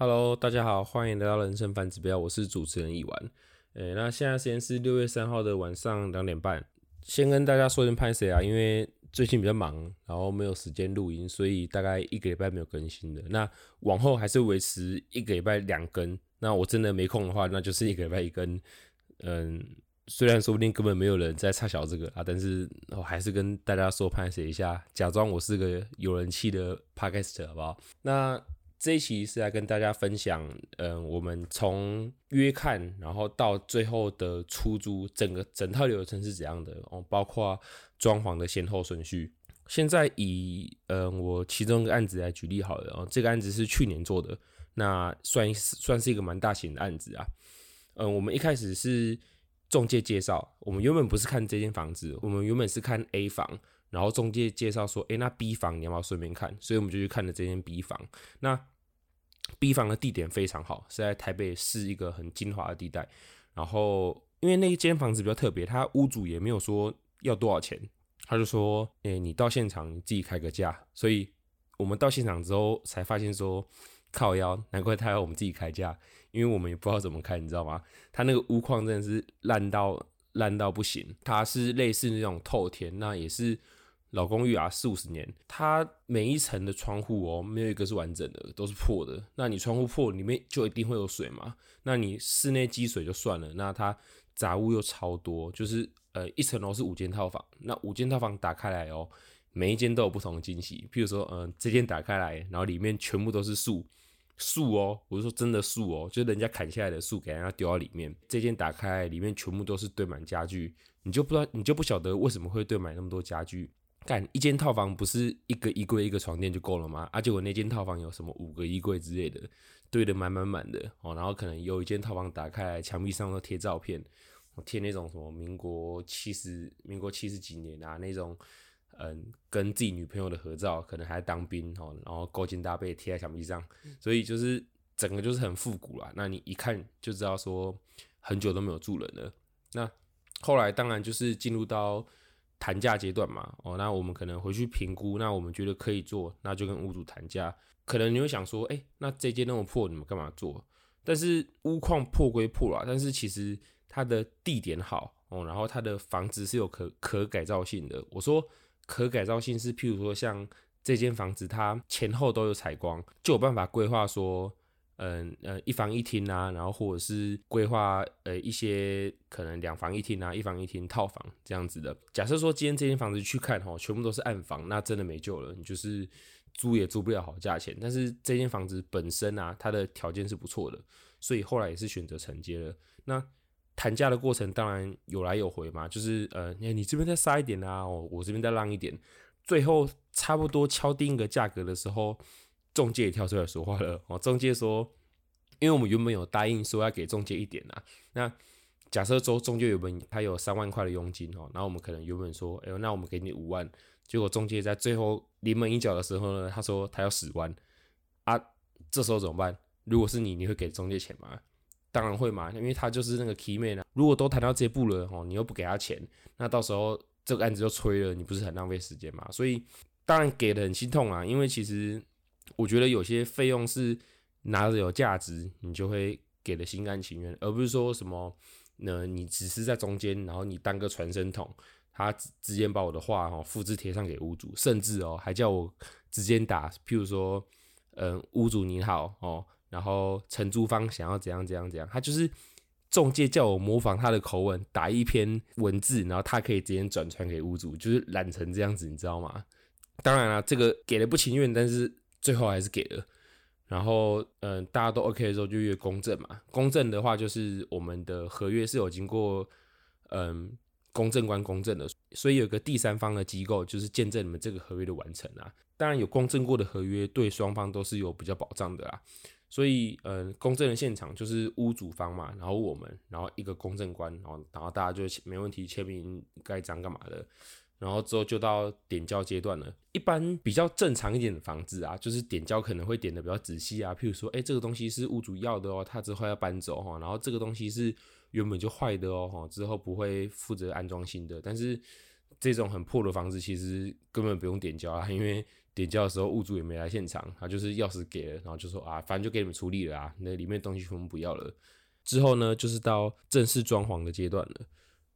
Hello，大家好，歡迎來到人生反指標，我是主持人一完、欸。那現在時間是六月三號的晚上兩點半。先跟大家說一聲拍謝啊，因為最近比較忙，然後沒有時間錄音，所以大概一個禮拜沒有更新的。那往後還是維持一個禮拜兩更。那我真的沒空的話，那就是一個禮拜一更。嗯，雖然說不定根本沒有人在插小這個啊，但是我還是跟大家說拍謝一下，假裝我是個有人氣的 podcaster 好不好？那這一期是來跟大家分享，嗯，我們從約看，然後到最後的出租，整個整套流程是怎樣的哦？包括裝潢的先後順序。現在以嗯我其中一個案子來舉例好了哦，這個案子是去年做的，那算算是一個蠻大型的案子啊。嗯，我們一開始是仲介介紹，我們原本不是看這間房子，我們原本是看 A 房。然後中介介紹說：“誒，那 B 房你要不要順便看？”所以我們就去看了這間 B 房。那 B 房的地點非常好，是在台北市一個很精華的地帶。然後因為那一間房子比較特別，他屋主也沒有說要多少錢，他就說：“誒，你到現場你自己開個價。”所以我們到現場之後才發現說，靠腰，難怪他要我們自己開價，因為我們也不知道怎麼開，你知道嗎？他那個屋況真的是爛到爛到不行，它是類似那種透天，那也是。老公寓啊，四五十年，它每一層的窗戶哦，沒有一個是完整的，都是破的。那你窗戶破，裡面就一定會有水嘛？那你室內積水就算了，那它雜物又超多，就是呃一層樓是五間套房，那五間套房打開來哦，每一間都有不同的驚喜。譬如說，嗯，這間打開來，然後裡面全部都是樹樹哦，我是說真的樹哦，就是人家砍下來的樹給人家丟到裡面。這間打開來，裡面全部都是堆滿家具，你就不知道，你就不曉得為什麼會堆滿那麼多家具。幹，一間套房不是一個衣櫃一個床墊就夠了嗎？而且我那間套房有什麼五個衣櫃之類的，堆得滿滿滿的滿滿滿的哦。然後可能有一間套房打開來，牆壁上都貼照片，貼那種什麼民國七十、民國七十幾年啊那種，嗯，跟自己女朋友的合照，可能還當兵哦、喔，然後勾肩搭背貼在牆壁上，所以就是整個就是很複古了。那你一看就知道說很久都沒有住人了。那後來當然就是進入到，談價階段嘛，哦，那我們可能回去評估，那我們覺得可以做，那就跟屋主談價。可能你會想說，哎、欸，那這間那麼破，你們幹嘛做？但是屋況破歸破啊，但是其實它的地點好哦，然後它的房子是有可可改造性的。我說可改造性是，譬如說像這間房子，它前後都有採光，就有辦法規劃說。嗯呃、嗯、一房一廳啊，然後或者是規劃呃一些可能兩房一廳啊、一房一廳套房這樣子的。假設說今天這間房子去看哦，全部都是暗房，那真的沒救了，你就是租也租不了好價錢。但是這間房子本身啊，它的條件是不錯的，所以後來也是選擇承接了。那談價的過程當然有來有回嘛，就是呃你這邊再殺一點啊，我這邊再讓一點，最後差不多敲定一個價格的時候，中介也跳出來說話了哦。中介說，因為我們原本有答應說要給中介一點啊。那假設說中介原本他有三萬塊的佣金哦，然後我們可能原本說，哎呦，那我們給你五萬。結果中介在最後臨門一腳的時候呢，他說他要十萬啊。這時候怎麼辦？如果是你，你會給中介錢嗎？當然會嘛，因為他就是那個 key man 啊。如果都談到這一步了哦，你又不給他錢，那到時候這個案子就吹了，你不是很浪費時間嘛？所以當然給得很心痛啊，因為其實。我覺得有些費用是拿着有價值，你就會給的心甘情願，而不是說什麼，呢？你只是在中間，然後你當個傳聲筒，他直接把我的話哦、喔、複製貼上給屋主，甚至哦、喔、還叫我直接打，譬如說，嗯，屋主你好哦、喔，然後承租方想要怎樣怎樣怎樣，他就是仲介叫我模仿他的口吻打一篇文字，然後他可以直接轉傳給屋主，就是懶成這樣子，你知道嗎？當然了、啊，這個給的不情願，但是。最後還是給了，然後嗯，大家都 OK 的時候就約公證嘛。公證的話就是我們的合約是有經過嗯公證官公證的，所以有個第三方的機構就是見證你們這個合約的完成啊。當然有公證過的合約對雙方都是有比較保障的啦。所以嗯，公證的現場就是屋主方嘛，然後我們，然後一個公證官，然後然後大家就沒問題簽名蓋章幹嘛的。然後之後就到點膠階段了。一般比較正常一點的房子啊，就是點膠可能會點的比較仔細啊。譬如說，哎，這個東西是屋主要的哦，他之後要搬走哈。然後這個東西是原本就壞的哦，哈，之後不會負責安裝新的。但是這種很破的房子，其實根本不用點膠啊，因為點膠的時候屋主也沒來現場，他就是鑰匙給了，然後就說啊，反正就給你們處理了啊，那裡面東西全部不要了。之後呢，就是到正式裝潢的階段了。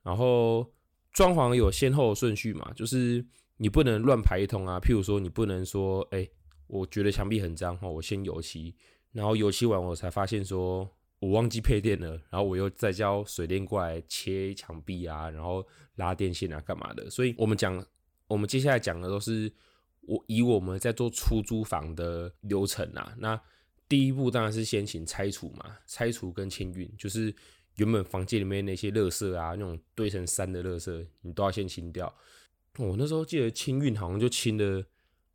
然後。裝潢有先後順序嘛，就是你不能亂排一通啊。譬如說，你不能說，哎、欸，我覺得牆壁很髒，我先油漆，然後油漆完我才發現說我忘記配電了，然後我又再叫水電過來切牆壁啊，然後拉電線啊，幹嘛的。所以，我們講，我們接下來講的都是我以我們在做出租房的流程啊。那第一步當然是先行拆除嘛，拆除跟清運，就是。原本房間裡面那些垃圾啊，那種堆成山的垃圾，你都要先清掉。我、喔、那時候記得清運，好像就清了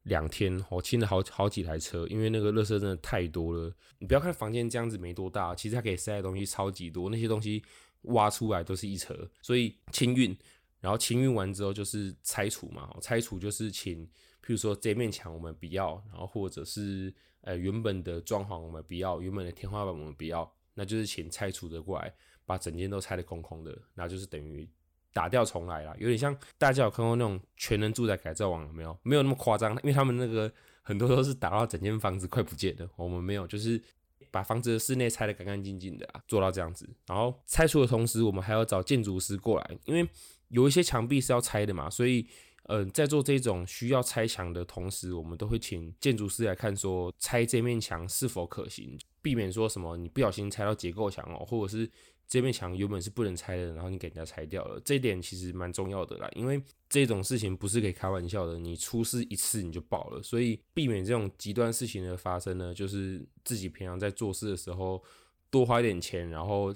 兩天，我、喔、清了好好幾台車，因為那個垃圾真的太多了。你不要看房間這樣子沒多大，其實它可以塞的東西超級多，那些東西挖出來都是一車。所以清運，然後清運完之後就是拆除嘛，喔、拆除就是請，譬如說這面牆我們不要，然後或者是呃原本的裝潢我們不要，原本的天花板我們不要。那就是請拆除的過來，把整間都拆得空空的，那就是等於打掉重來了。有點像大家有看過那種全能住宅改造網，有沒有？沒有那麼誇張，因為他們那個很多都是打到整間房子快不見的。我們沒有，就是把房子的室內拆得乾乾淨淨的啊，做到這樣子。然後拆除的同時，我們還要找建築師過來，因為有一些牆壁是要拆的嘛，所以嗯，呃，在做這種需要拆牆的同時，我們都會請建築師來看，說拆這面牆是否可行。避免說什麼你不小心拆到結構牆哦，或者是這面牆原本是不能拆的，然後你給人家拆掉了，這一點其實蠻重要的啦，因為這種事情不是可以開玩笑的，你出事一次你就爆了，所以避免這種極端事情的發生呢，就是自己平常在做事的時候多花一點錢，然後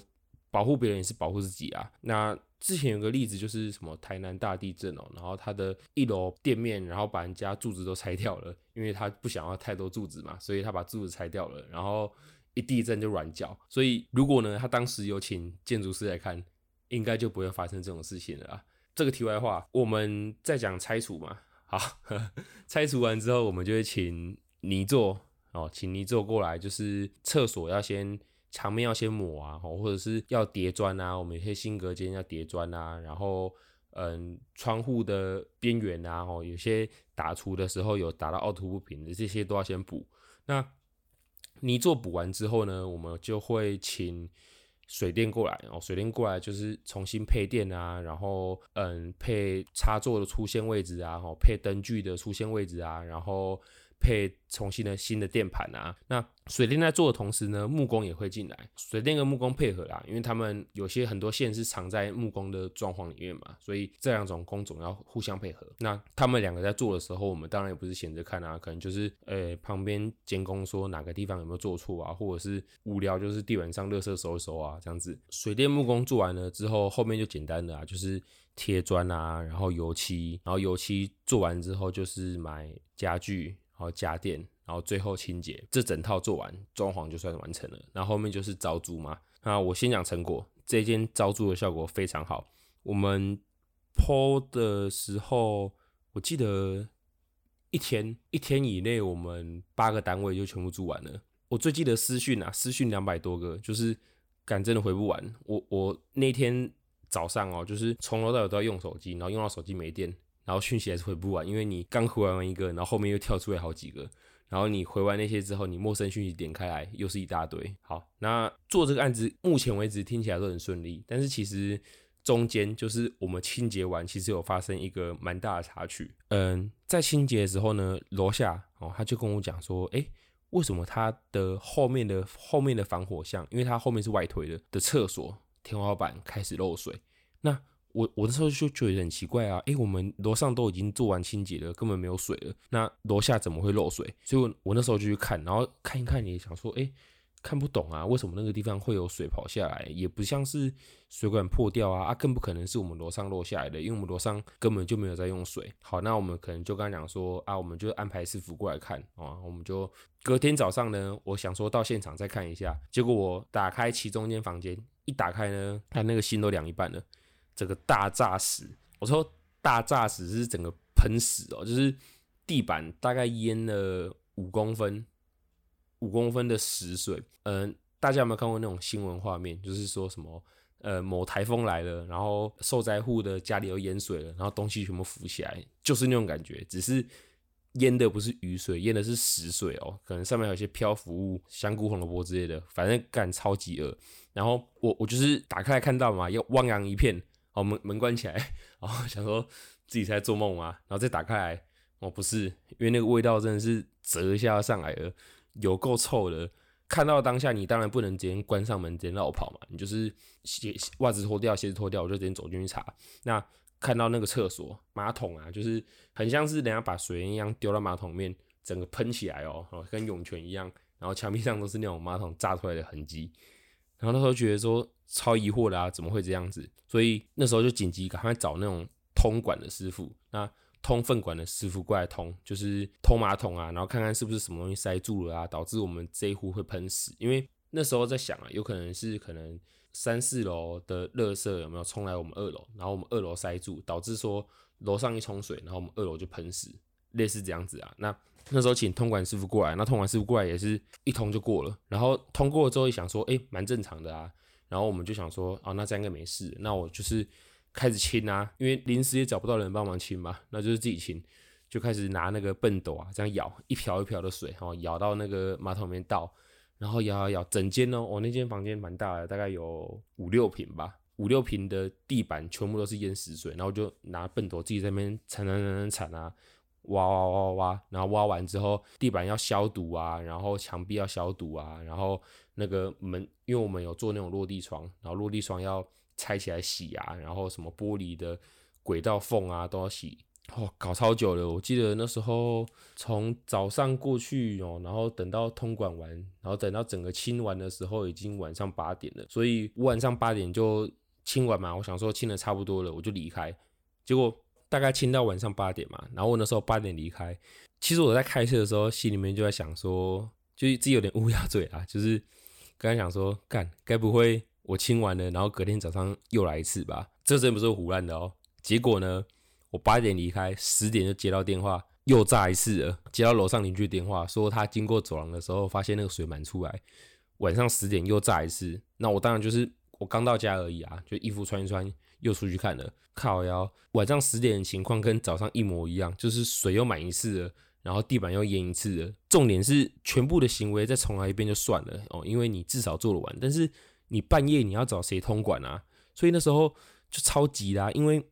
保護別人也是保護自己啊。那之前有個例子就是什麼台南大地震哦，然後他的一樓店面，然後把人家柱子都拆掉了，因為他不想要太多柱子嘛，所以他把柱子拆掉了，然後。一地震就軟腳，所以如果呢，他當時有請建築師來看，應該就不會發生這種事情了。這個題外話，我們再講拆除嘛，好，呵呵拆除完之後，我們就會請泥作哦、喔，請泥作過來，就是廁所要先牆面要先抹啊，或者是要疊磚啊，我們有些新隔間要疊磚啊，然後嗯，窗戶的邊緣啊，哦、喔，有些打除的時候有打到凹凸不平的，這些都要先補那，泥作補完之後呢，我們就會請水電過來哦，水電過來就是重新配電啊，然後嗯，配插座的出線位置啊，哦，配燈具的出線位置啊，然後。配重新的新的電盤啊，那水電在做的同時呢，木工也會進來，水電跟木工配合啦，因為他們有些很多線是藏在木工的裝潢裡面嘛，所以這兩種工種要互相配合。那他們兩個在做的時候，我們當然也不是閒着看啊，可能就是呃、欸、旁邊監工說哪個地方有沒有做錯啊，或者是無聊就是地板上垃圾收收啊這樣子。水電木工做完了之後，後面就簡單的啊，就是貼磚啊然，然後油漆，然後油漆做完之後就是買傢具。然後家電，然後最後清潔，這整套做完，裝潢就算完成了。然後後面就是招租嘛。那我先講成果，這間招租的效果非常好。我們 Po 的時候，我記得一天一天以內，我們八個單位就全部租完了。我最記得私訊啊，私訊兩百多個，就是感覺真的回不完。我我那天早上哦，就是從頭到尾都在用手機，然後用到手機沒電。然後訊息還是回不完，因為你剛回完、完一個，然後後面又跳出來好幾個，然後你回完那些之後，你陌生訊息點開來又是一大堆。好，那做這個案子目前為止聽起來都很順利，但是其實中間就是我們清潔完，其實有發生一個蠻大的插曲。嗯，在清潔的時候呢，樓下哦，他就跟我講說，哎，為什麼他的後面的後面的防火巷，因為他後面是外推的的廁所天花板開始漏水，那。我我那時候就覺得很奇怪啊，哎、欸，我們樓上都已經做完清潔了，根本沒有水了，那樓下怎麼會漏水？所以我，我我那時候就去看，然後看一看也想說，誒、欸，看不懂啊，為什麼那個地方會有水跑下來？也不像是水管破掉啊，啊，更不可能是我們樓上落下來的，因為我們樓上根本就沒有在用水。好，那我們可能就跟他講說，啊，我們就安排師傅過來看啊、哦，我們就隔天早上呢，我想說到現場再看一下。結果我打開其中間房間，一打開呢，他那個心都涼一半了。這個大炸屎。我說大炸屎，是整個噴屎哦。就是地板大概淹了五公分，五公分的屎水。嗯、呃，大家有沒有看過那種新聞畫面？就是說什麼呃，某颱風來了，然後受災戶的家裡都淹水了，然後東西全部浮起來，就是那種感覺。只是淹的不是雨水，淹的是屎水哦，可能上面有一些漂浮物，香菇、紅蘿蔔之類的，反正感超級噁。然後我我就是打開來看到嘛，又汪洋一片。哦，門門關起來，然後想說自己在做夢啊，然後再打開來，哦，不是，因為那個味道真的是折一下上來了，有夠臭的。看到當下你當然不能直接關上門，直接繞跑嘛，你就是鞋襪子脫掉，鞋子脫掉，我就直接走進去查。那看到那個廁所馬桶啊，就是很像是人家把水源一樣丟到馬桶裡面，整個噴起來哦，哦，跟湧泉一樣，然後牆壁上都是那種馬桶炸出來的痕跡。然後那時候覺得說超疑惑的啊，怎麼會這樣子？所以那時候就緊急趕快找那種通管的師傅，那通糞管的師傅過來通，就是通馬桶啊，然後看看是不是什麼東西塞住了啊，導致我們這一戶會噴屎。因為那時候在想啊，有可能是可能三四樓的垃圾有沒有沖來我們二樓，然後我們二樓塞住，導致說樓上一沖水，然後我們二樓就噴屎，類似這樣子啊。那那時候請通管師傅過來，那通管師傅過來也是一通就過了。然後通過了之後，一想說，誒、欸，蠻正常的啊。然後我們就想說，哦，那這樣應該沒事。那我就是開始清啊，因為臨時也找不到人幫忙清嘛，那就是自己清，就開始拿那個畚斗啊，這樣舀一瓢一瓢的水，然後舀到那個馬桶裡面倒。然後舀啊舀，整間哦，我、哦、那間房間蠻大的，大概有五六坪吧，五六坪的地板全部都是淹死水。然後就拿畚斗自己在那邊鏟鏟鏟鏟啊。挖挖挖挖挖，然後挖完之後，地板要消毒啊，然後牆壁要消毒啊，然後那個門，因為我們有做那種落地窗，然後落地窗要拆起來洗啊，然後什麼玻璃的軌道縫啊，都要洗。哦，搞超久了，我記得那時候從早上過去哦，然後等到通管完，然後等到整個清完的時候，已經晚上八點了。所以我晚上八點就清完嘛，我想說清的差不多了，我就離開，結果。大概清到晚上八點嘛，然後我那時候八點離開。其實我在開車的時候，心裡面就在想說，就自己有點烏鴉嘴啊，就是剛才想說，幹，該不會我清完了，然後隔天早上又來一次吧？這真不是唬爛的哦、喔。結果呢，我八點離開，十點就接到電話，又炸一次了。接到樓上鄰居電話，說他經過走廊的時候，發現那個水滿出來。晚上十點又炸一次，那我當然就是我剛到家而已啊，就衣服穿一穿。又出去看了，靠腰，晚上十點的情況跟早上一模一樣，就是水又滿一次了，然後地板又淹一次了。重點是全部的行為再重來一遍就算了哦，因為你至少做得完。但是你半夜你要找誰通管啊？所以那時候就超急啦、啊，因為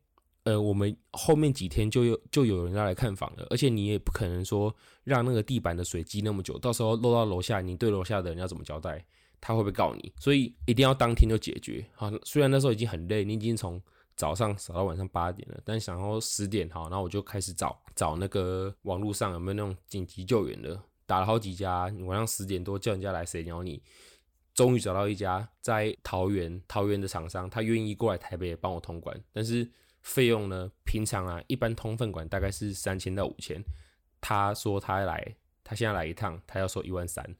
呃我們後面幾天就有就有人要來看房了，而且你也不可能說讓那個地板的水積那麼久，到時候漏到樓下，你對樓下的人要怎麼交代？他會不會告你？所以一定要當天就解決好，雖然那時候已經很累，你已經從早上掃到晚上八點了，但想要十點哈，然後我就開始找找那個網絡上有沒有那種緊急救援的，打了好幾家，晚上十點多叫人家來，誰鳥你？終於找到一家在桃園，桃園的廠商，他願意過來台北幫我通管，但是費用呢？平常啊，一般通糞管大概是三千到五千，他說他來，他現在來一趟，他要收一萬三。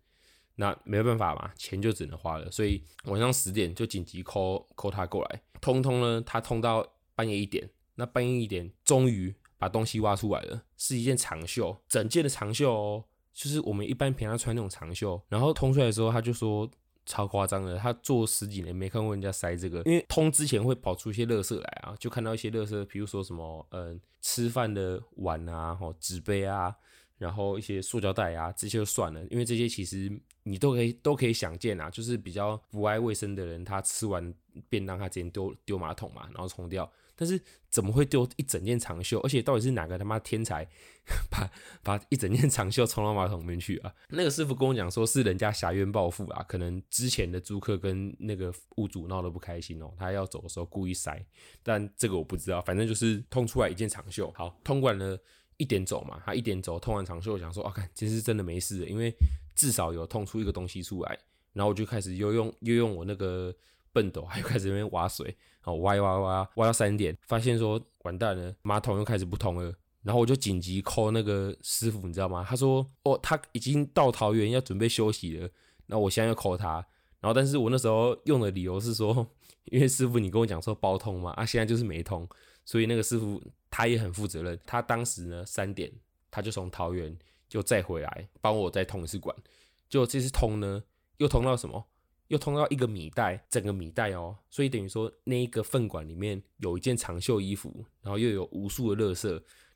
那沒辦法嘛，錢就只能花了，所以晚上十點就緊急 call, call 他過來，通通呢，他通到半夜一點，那半夜一點終於把東西挖出來了，是一件長袖，整件的長袖哦，就是我們一般平常穿那種長袖。然後通出來的時候，他就說超誇張的，他做十幾年沒看過人家塞這個，因為通之前會跑出一些垃圾來啊，就看到一些垃圾，比如說什麼嗯吃飯的碗啊，或紙杯啊。然後一些塑膠袋啊，這些就算了，因為這些其實你都可以都可以想見啊，就是比較不愛衛生的人，他吃完便當他直接丟丟馬桶嘛，然後沖掉。但是怎麼會丟一整件長袖？而且到底是哪個他媽天才把把，把一整件長袖沖到馬桶裡面去啊？那個師傅跟我講說是人家挾怨報復啊，可能之前的租客跟那個屋主鬧得不開心哦，他要走的時候故意塞。但這個我不知道，反正就是通出來一件長袖，好，通管。了。一點走嘛，他、啊、一點走，通完長袖，我想說啊，看，其實真的沒事，因為至少有通出一個東西出來。然後我就開始又用又用我那個笨斗，還有開始那邊挖水，然後歪一挖挖挖，挖到三點，發現說完蛋了，馬桶又開始不通了。然後我就緊急扣那個師傅，你知道嗎？他說哦，他已經到桃園要準備休息了。然後我現在又扣他，然後但是我那時候用的理由是說，因為師傅你跟我講說包通嘛，啊，現在就是沒通，所以那個師傅。他也很負責任，他當時呢三點他就從桃園就再回來幫我再通一次管。就這次通呢又通到什麼？又通到一個米袋，整個米袋哦，所以等於說那一個糞管裡面有一件長袖衣服，然後又有無數的垃圾，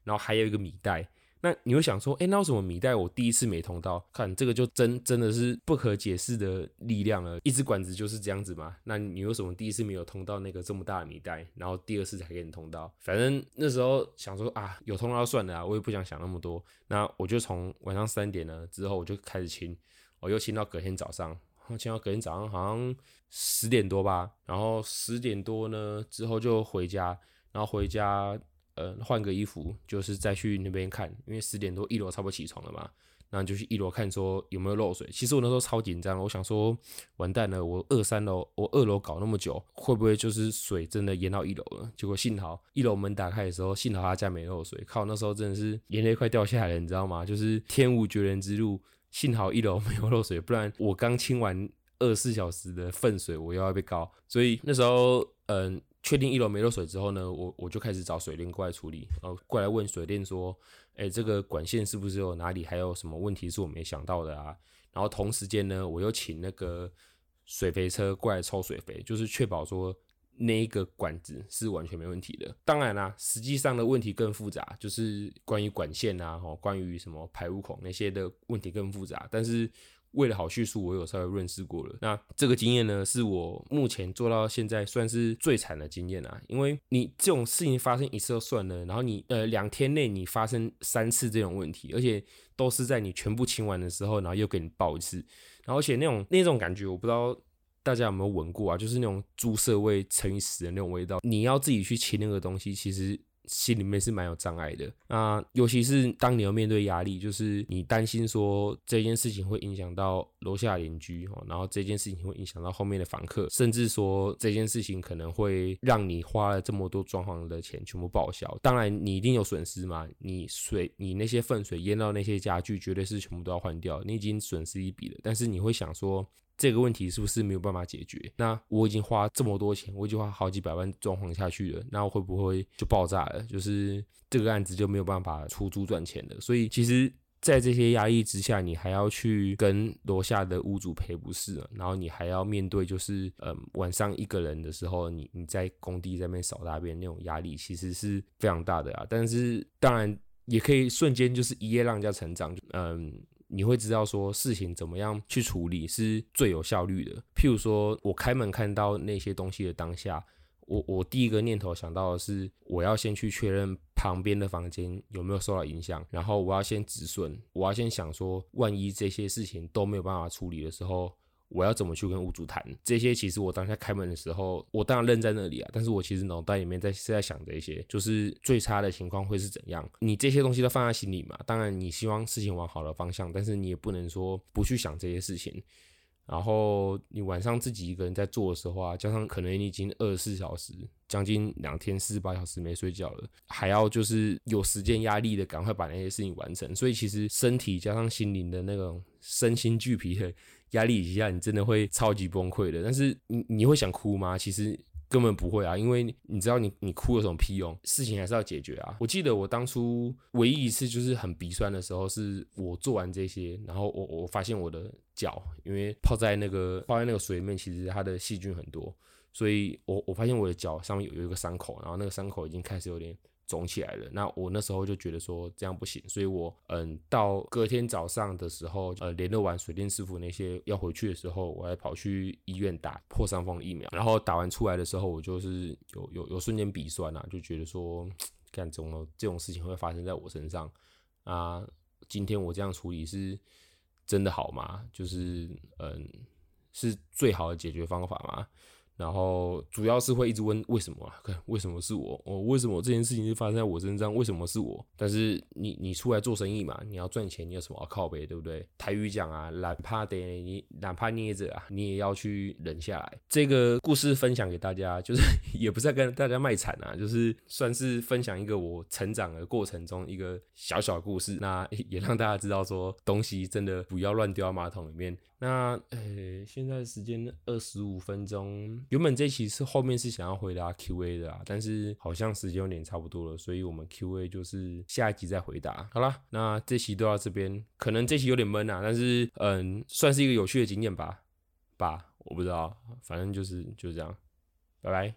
然後還有一個米袋。那你會想說，誒，那為什麼米袋？我第一次沒通到，看這個就真真的是不可解釋的力量了。一只管子就是這樣子嘛。那你為什麼第一次沒有通到那個這麼大的米袋，然後第二次才給你通到？反正那時候想說啊，有通到算了啊，我也不想想那麼多。那我就從晚上三點了之後我就開始清，我又清到隔天早上，清到隔天早上好像十點多吧，然後十點多呢之後就回家，然後回家。呃，嗯，換個衣服，就是再去那邊看，因為十點多一樓差不多起床了嘛，那就去一樓看說有沒有漏水。其實我那時候超緊張，我想說，完蛋了，我二三樓，我二樓搞那麼久，會不會就是水真的淹到一樓了？結果幸好一樓門打開的時候，幸好他家沒漏水。靠，那時候真的是眼淚快掉下來了，你知道嗎？就是天無絕人之路，幸好一樓沒有漏水，不然我剛清完二十四小時的糞水，我又要被搞。所以那時候，嗯。確定一樓沒漏水之後呢，我我就開始找水電過來處理，然後過來問水電說，哎、欸，這個管線是不是有哪裡還有什麼問題是我沒想到的啊？然後同時間呢，我又請那個水肥車過來抽水肥，就是確保說那一個管子是完全沒問題的。當然啦、啊，實際上的問題更複雜，就是關於管線啊，關於什麼排污孔那些的問題更複雜，但是。為了好敘述，我有稍微潤飾過了。那這個經驗呢，是我目前做到現在算是最慘的經驗啊！因為你這種事情發生一次就算了，然後你呃兩天內你發生三次這種問題，而且都是在你全部清完的時候，然後又給你爆一次。然後而且那種那種感覺，我不知道大家有沒有聞過啊，就是那種豬屎味乘以十的那種味道。你要自己去清那個東西，其實。心裡面是蠻有障礙的，啊，尤其是當你要面對壓力，就是你擔心說這件事情會影響到樓下鄰居哦，然後這件事情會影響到後面的房客，甚至說這件事情可能會讓你花了這麼多裝潢的錢全部報銷。當然你一定有損失嘛，你水你那些糞水淹到那些家具，絕對是全部都要換掉，你已經損失一筆了。但是你會想說。這個問題是不是沒有辦法解決？那我已經花這麼多錢，我已經花好幾百萬裝潢下去了，那我會不會就爆炸了？就是這個案子就沒有辦法出租賺錢了。所以其實，在這些壓抑之下，你還要去跟樓下的屋主賠不是，然後你還要面對就是，嗯、呃，晚上一個人的時候，你你在工地在那邊掃大便那種壓力，其實是非常大的啊。但是當然也可以瞬間就是一夜讓人家成長，嗯。呃你會知道說事情怎麼樣去處理是最有效率的。譬如說，我開門看到那些東西的當下，我我第一個念頭想到的是，我要先去確認旁邊的房間有沒有受到影響，然後我要先止損，我要先想說，萬一這些事情都沒有辦法處理的時候。我要怎麼去跟屋主談？這些其實我當下開門的時候，我當然愣在那裡啊。但是我其實腦袋裡面在是在想這些，就是最差的情況會是怎樣？你這些東西都放在心裡嘛，當然你希望事情往好的方向，但是你也不能說不去想這些事情。然後你晚上自己一個人在做的時候啊，加上可能你已經二十四小時，將近兩天四十八小時沒睡覺了，還要就是有時間壓力的，趕快把那些事情完成。所以其實身體加上心靈的那種身心俱疲的。壓力一下，你真的會超級崩潰的。但是你你會想哭嗎？其實根本不會啊，因為你知道你你哭有什麼屁用？事情還是要解決啊。我記得我當初唯一一次就是很鼻酸的時候，是我做完這些，然後我我發現我的腳，因為泡在那個泡在那個水裡面，其實它的細菌很多。所以我我發現我的腳上面有有一個傷口，然後那個傷口已經開始有點腫起來了。那我那時候就覺得說這樣不行，所以我嗯，到隔天早上的時候，呃、嗯，聯絡完水電師傅那些要回去的時候，我還跑去醫院打破傷風的疫苗。然後打完出來的時候，我就是有有有瞬間鼻酸啊，就覺得說，幹，怎麼這種事情會發生在我身上啊？今天我這樣處理是真的好嗎？就是嗯，是最好的解決方法嗎？然後主要是會一直問為什麼啊？看為什麼是我？我、哦、為什麼這件事情就發生在我身上？為什麼是我？但是你你出來做生意嘛，你要賺錢，你有什麼要靠背，對不對？台語講啊，懶趴得你懶趴捏著啊，你也要去忍下來。這個故事分享給大家，就是也不是在跟大家賣慘啊，就是算是分享一個我成長的過程中一個小小的故事，那也讓大家知道說東西真的不要亂丟到馬桶裡面。那呃、哎，現在時間二十五分鐘。原本這期是後面是想要回答 Q&A 的啊，但是好像時間有點差不多了，所以我們 Q&A 就是下一集再回答。好了，那這期就到這邊，可能這期有點悶啊，但是嗯，算是一個有趣的經驗吧，吧？我不知道，反正就是就這樣，拜拜。